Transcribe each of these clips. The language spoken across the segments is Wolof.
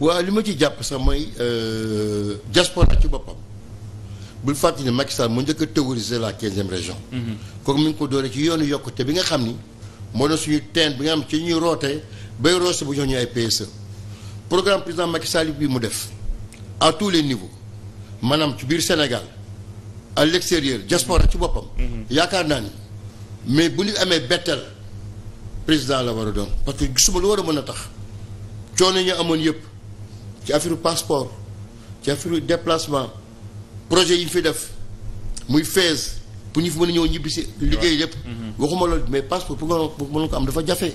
waaw li ma ci jàpp sax mooy euh, diaspora ci boppam bul fàttali ne Macky mu njëkk a la quinzième région. kooku mi ngi ko dooree ci yoonu yokkute bi nga xam ni moo doon suñu teen bi nga xam ci ñuy rootee bay roose bu jox ñu ay PSE programme président Macky Sall bi mu def à tous les niveaux maanaam ci biir Sénégal à l'extérieur diaspora ci boppam. Mhm. yaakaar naa ni mais bu ñu amee bettel président la war a doon parce que gisuma lu war a mën a tax coono ñu amoon yëpp. ci affaire passeport ci affaire déplacement projet yi fi def muy fees bu ñu fi mën ñëw ñibbi si liggéey yëpp mhm. waxuma loolu mais passeport pour nga pour mën ko am dafa jafe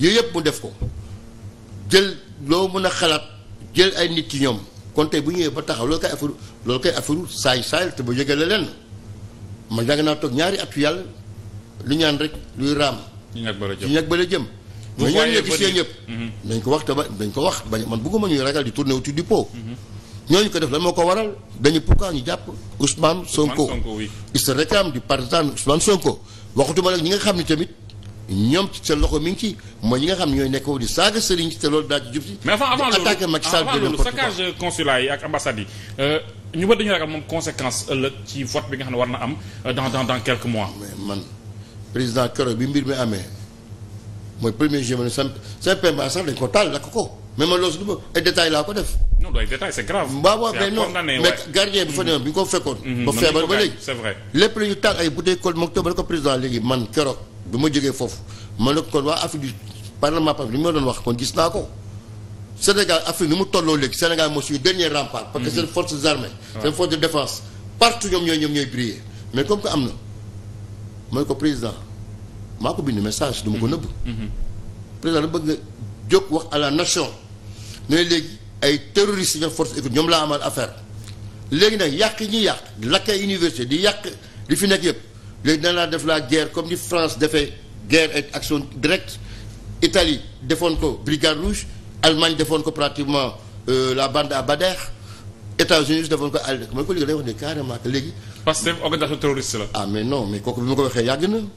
yooyu yëpp mu def ko jël loo mën a xalaat jël ay nit ci ñoom kon tey bu ñëwee ba taxaw loolu kay affaire loolu kay affaire saay saay te ba jógee la leen ma jàng naa toog ñaari at yàlla lu ñaan rek luy raam ci ñag ba la jëm vous voyez venir mais ñooñu ko gis ñëpp. nañ ko wax te ba dañ ko wax bañ man bëgguma ñuy ragal di tourner autour du pot. Mhm. ñooñu ko def lan moo ko waral dañu pourquoi ñu jàpp Ousmane Sonko. Ousmane Sonko oui. il se réclame du partisan Ousmane Sonko waxatuma nag ñi nga xam ne tamit. ñoom ci seen loxo mi ngi ci mooy ñi nga xam ne ñooy nekk di saaga sëriñ ci te loolu daal di jub si. mais avant avant loolu attaqué Macky Sall de saccage consulat yi ak ambassade yi euh, ñu bëri dañu ragal moom conséquence ëllëg ci vote bi nga xam ne war na am euh, dans dans dans mois. mais man président keroog bi mbir mi amee. mooy premier juin ma ne CPMA sax dañ ko taal lakk ko mais man loolu su dul ay détails laa ko def. non ay détails c'est grave. waaw waaw mais mais gardien mm-hmm. bi fa ne woon bi ñu ko fekkoon. Mm-hmm. ba feebar ba léegi lépp la taal ay bouteilles col moom itam ba ko président léegi man keroog bi ma jógee foofu man nag kon waa Afrique du parlement par li ma doon wax kon gis naa ko. Sénégal Afrique ni mu tolloo léegi Sénégal moo suñu dernier rempart. parce que mm-hmm. seen forces armées. seen force de défense partout ñoom ñooy ñoom ñooy briller mais comme que am na mooy ko président. maa ko bind message du ma ko mhm. nëbb mhm. président da bëgg a jóg wax à la nation ne léegi ay terroristes yi nga force économique ñoom laa amal affaire léegi nag yàq yi ñuy yàq di lakk ay université di yàq li fi nekk yëpp léegi dana laa def la guerre comme ni France defee guerre ak action directe Italie defoon ko brigade rouge Allemagne defoon ko pratiquement euh, la bande ba Bader États-Unis defoon ko al man ko léegi day wax ne carrément que léegi. parce que organisation terroriste la. Ah, kooku bi ma ko waxee yàgg na.